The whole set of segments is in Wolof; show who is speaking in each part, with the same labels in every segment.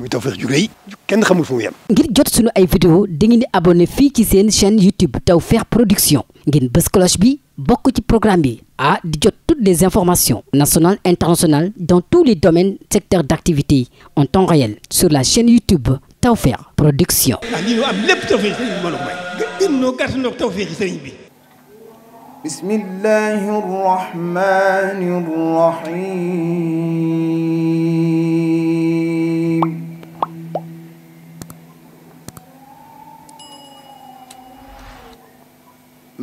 Speaker 1: muy Tawfekh ju rëy kenn xamul fu mu yem. ngir jot sunu ay vidéo dangeen di abonné fii ci seen chaîne YouTube Tawfekh Production ngeen bës cloche bi bokk ci programme bi ah di jot toutes les informations nationales internationales dans tous les domaines secteurs d'activité en temps réel sur la chaîne YouTube Tawfekh Production. ah lii ñu am lépp Tawfekh sëriñ bi mbooloo mooy. gën gën ñoo gàtt ñoo Tawfekh sëriñ bi. bismillahir rahmanir rahim.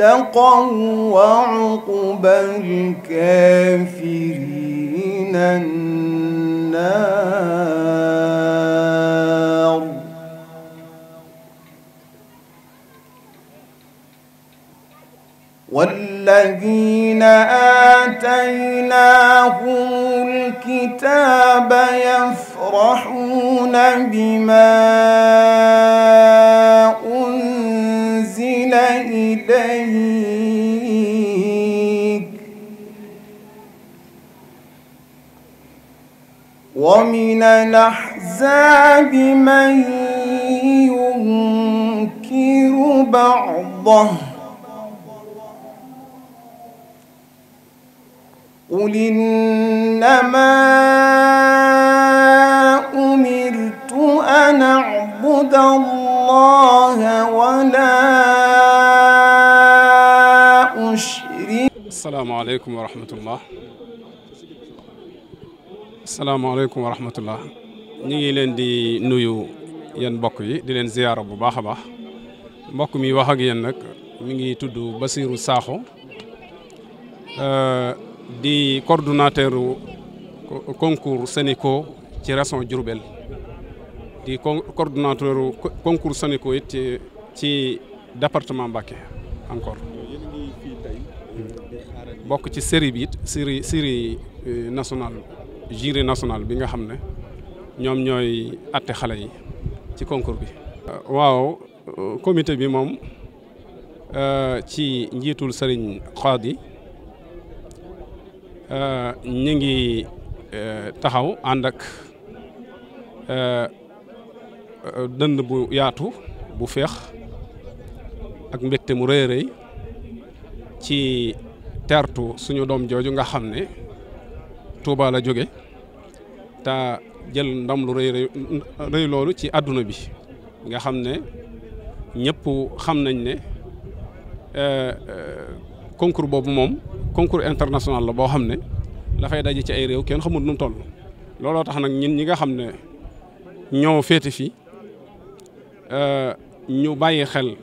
Speaker 1: اتقوا وعقبى الكافرين النار والذين آتيناهم الكتاب يفرحون بما إليك ومن الأحزاب من ينكر بعضه قل إنما أمرت أن أعبد الله ولا
Speaker 2: asalaamaaleykum wa rahmatullah asalaamaaleykum wa rahmatullah ñu ngi leen di nuyu yéen mbokk yi di leen ziyaara bu baax a baax mbokk mi wax ak yéen nag mi ngi tudd basiiru Sakho euh, di coordonnateur concours Sénico ci région Diourbel di coordonnateur concours Sénico it ci département Mbacké encore bokk ci série bi it série série euh, nationale jury national bi nga xam ne ñoom ñooy atte xale yi ci concours bi. Euh, waaw euh, comité bi moom ci njiitul sëriñ Xaadi ñu ngi taxaw ànd ak dënd bu yaatu bu feex ak mbégte mu rëy a ci. tertu suñu doom jooju nga xam ne Touba la jóge te jël ndam lu rëy rëy loolu ci àdduna bi nga xam ne ñëpp xam nañ ne euh, euh, concours boobu moom concours international la boo xam ne lafay fay daje ci ay réew kenn xamul nu mu toll. looloo tax nag ñun ñi nga xam ne ñoo féete fii euh, ñu bàyyi xel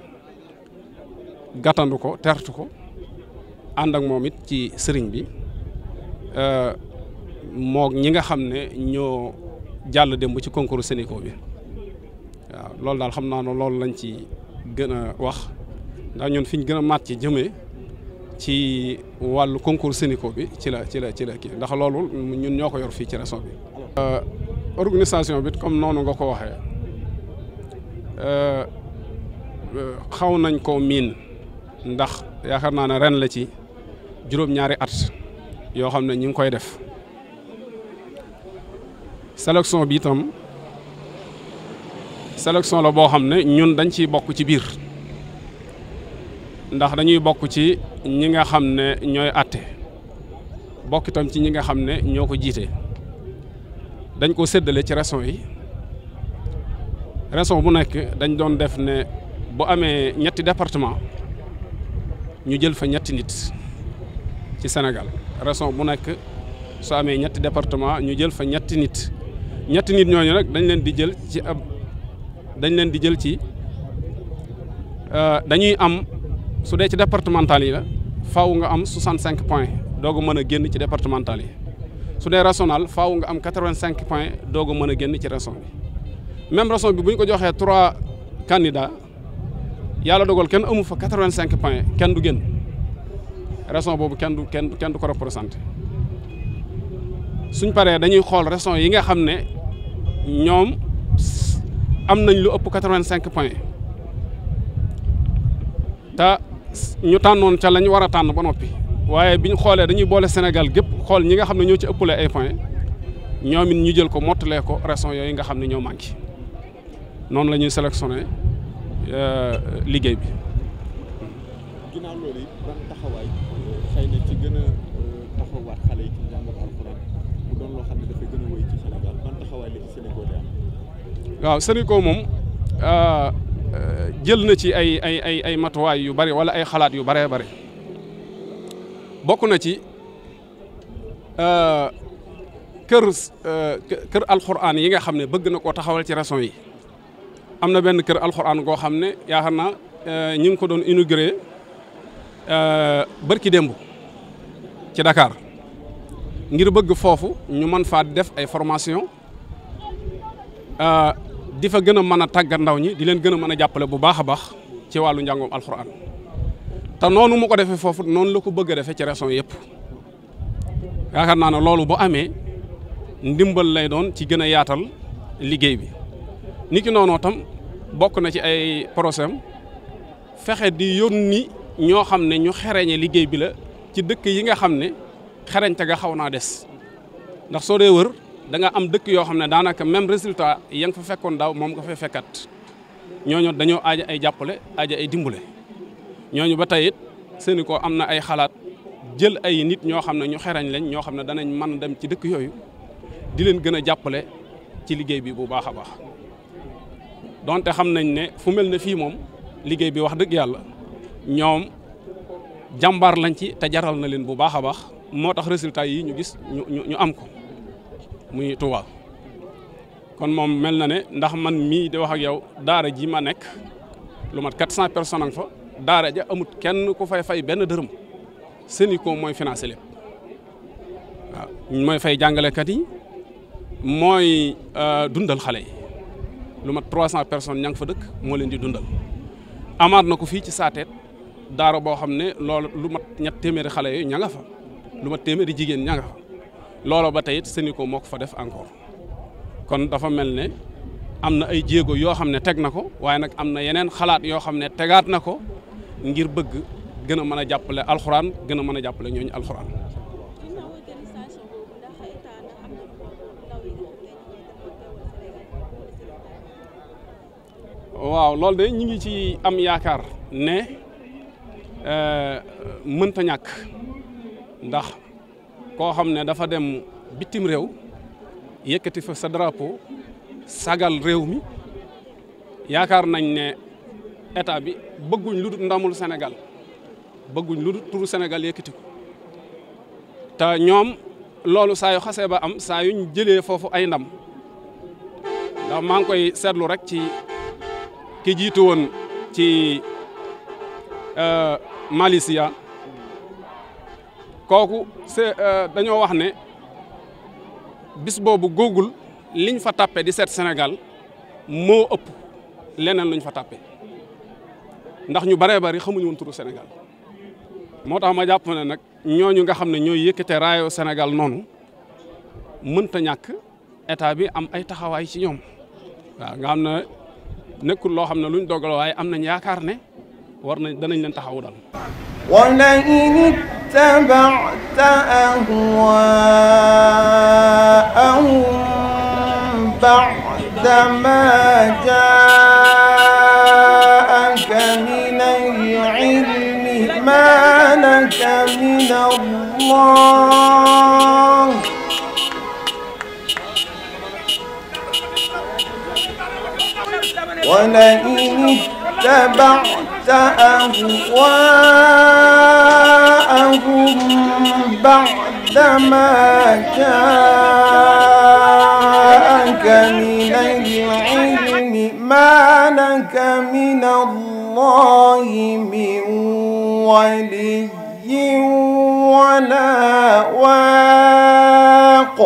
Speaker 2: gàttandu ko tertu ko. ànd ak moom it ci sëriñ bi euh, mook ñi nga xam ne ñoo jàll démb ci concours Sénégal bi waaw loolu daal xam naa ne loolu lañ ci gën a wax ndax ñun fi ñu gën a màtt ci jëmee ci wàllu concours Sénégal bi ci la ci la ci la kii ndax loolu ñun ñoo ko yor fii ci région bi. Euh, organisation bi comme noonu nga ko waxee euh, xaw nañ ko miin ndax yaakaar naa ne ren la ci. juróom-ñaari at yoo xam ne ñu ngi koy def sélection bi itam sélection la boo xam ne ñun dañ ciy bokk ci biir ndax dañuy bokk ci ñi nga xam ne ñooy àtte bokk itam ci ñi nga xam ne ñoo ko jiite dañ ko séddale ci région yi reson bu nekk dañ doon def ne bu amee ñetti département ñu jël fa ñetti nit ci Sénégal reson bu nekk su amee ñetti département ñu jël fa ñetti nit ñetti nit ñooñu nag dañ leen di jël ci dañ leen di jël ci euh, dañuy am su dee ci départemental yi la faaw nga am 65 points doog a mën a génn ci départemental su dee régional faaw nga am 85 points doog a mën a génn ci région bi même région bi bu ko joxee trois candidats yàlla dogal kenn amu fa 85 points kenn du génn. raison boobu kenn du kenn kenn du ko représenté suñ paree dañuy xool reson yi nga xam ne ñoom am nañ lu ëpp quatre-vingt-cinq points te ñu tànnoon ca lañ war a tànn ba noppi waaye bi ñu xoolee dañuy boole Sénégal gépp xool ñi nga xam ne ñoo ci ëppale ay points ñoom it ñu jël ko mottalee ko raison yooyu nga xam ne ñoo manqué noonu lañuy ñuy sélectionné euh, liggéey bi. ginnaaw xëy na ci euh, waaw Sénégal moom euh, euh, jël na ci ay ay ay matuwaay yu bari wala ay xalaat yu baree bari bokk na ci kër kër alxuraan yi nga xam ne bëgg na koo taxawal ci régions yi am na benn kër alxuraan goo xam ne yaakaar naa ñu ngi ko doon inauguré bërki demb ci Dakar ngir bëgg foofu ñu mën faa def ay formation euh, di fa gën a mën a tàggat ndaw ñi di leen gën a mën a jàppale bu baax a baax ci wàllu njàngoom alxuraan te noonu mu ko defee foofu noonu la ko bëgg a defee ci région yëpp yaakaar naa ne loolu boo amee ndimbal lay doon ci gën a yaatal liggéey bi ni ki noonu tam bokk na ci ay procès fexe di yoon ni ñoo xam ne ñu xereñe liggéey bi la ci dëkk yi nga xam ne xerañte ga xaw naa des ndax soo dee wër danga am dëkk yoo xam ne daanaka même résultat yang nga fa fekkoon daaw moom nga fay fekkat ñooñu dañoo aaja ay jàppale aaja ay dimbale ñu ba tey it seeni ko am na ay xalaat jël ay nit ñoo xam ne ñu xerañ lañ ñoo xam ne danañ mën dem ci dëkk yooyu di leen gën a jàppale ci liggéey bi bu baax a baax donte xam nañ ne fu mel ne fii moom liggéey bi wax dëgg yàlla ñoom jàmbaar lañ ci te jaral na leen bu baax a baax moo tax résultat yi ñu gis ñu am ko muy Touba kon moom mel na ne ndax man mii de wax ak yow daara ji ma nekk lu mat 400 personnes am fa daara ja amut kenn ku fay fay benn dërëm Sénico mooy financé lépp mooy fay jàngalekat yi mooy euh, dundal xale yi lu mat 300 personnes ña nga fa dëkk moo leen di dundal amaat na ko fii ci saateet daara boo xam ne lool lu mat ñett téeméeri xale yooyu ña fa lu mat téeméeri jigéen ña nga fa loolu ba tey it Sénico moo fa def encore kon dafa mel ne am na ay jéego yoo xam ne teg na ko waaye nag am na yeneen xalaat yoo xam ne tegaat na ko ngir bëgg gën a mën a jàppale alxuraan gën a mën a jàppale ñooñu alxuraan. waaw loolu de ñu ngi ci am yaakaar ne. Euh, mënta ñàkk ndax koo xam ne dafa dem bitim réew yëkkati fa sa drapeau sagal réew mi yaakaar nañ ne état bi bëgguñ lu dul ndamul Sénégal bëgguñ lu dul turu Sénégal yëkkati ko te ñoom loolu saa yu xasee ba am saa yuñ jëlee foofu ay ndam ndax maa ngi koy seetlu rek ci ki jiitu woon ci. Euh, Malaysia kooku se euh, dañoo wax ne bis boobu Google liñ fa tàppe di seet Sénégal moo ëpp leneen luñ fa tàppe ndax ñu baree bari xamuñu woon Sénégal moo tax ma jàpp ne nag ñooñu nga xam ne ñooy yëkkate raayo Sénégal noonu mënta ñàkk état bi am ay taxawaay ci ñoom waa nga xam na nekkul loo xam ne luñ dogal waaye am nañ yaakaar ne war nañ danañ leen taxawu daal
Speaker 1: ولئن اتبعت أهواءهم بعدما جاءك من العلم ما لك من الله ولئن اتبعت تحت أهواءهم بعدما جاءك من العلم ما لك من الله من ولي ولا واق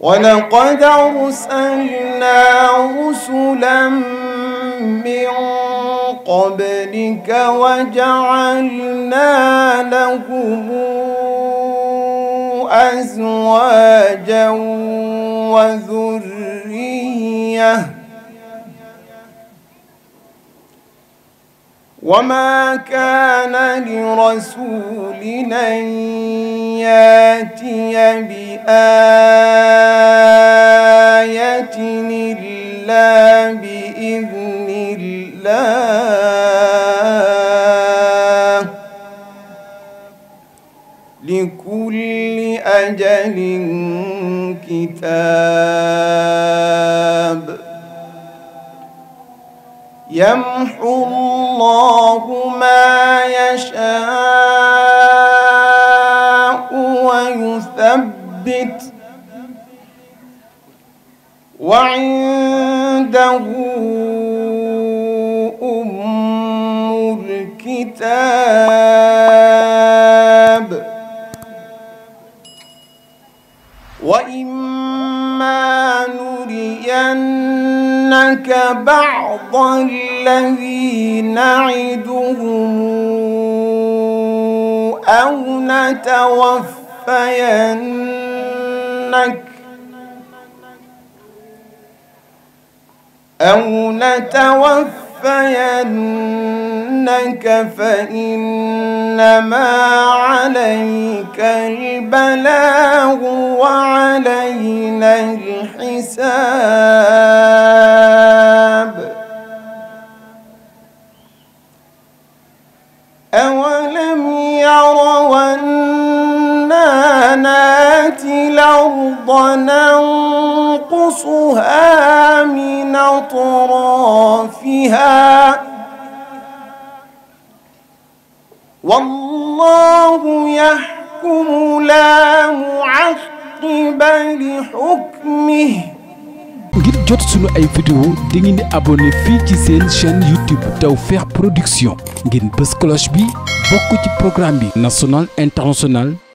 Speaker 1: ولقد أرسلنا رسلا من قبلك وجعلنا لهم أزواجا وذرية وما كان لرسول أن ياتي بآية إلا بإذن الله لكل أجل كتاب يمحو الله ما يشاء ويثبت وعنده أم الكتاب وإما نرين نك بعض الذي نعدهم أو نتوفينك أو نتوفينك يتوفينك فإنما عليك البلاغ وعلينا الحساب أولم يروا أنا ناتي الأرض ننظر ننقصها من أطرافها والله يحكم لا
Speaker 2: ngir jot sunu ay vidéo di ngeen fii ci seen chaîne YouTube Tawfekh Production ngeen bës cloche bi bokk ci programme bi national international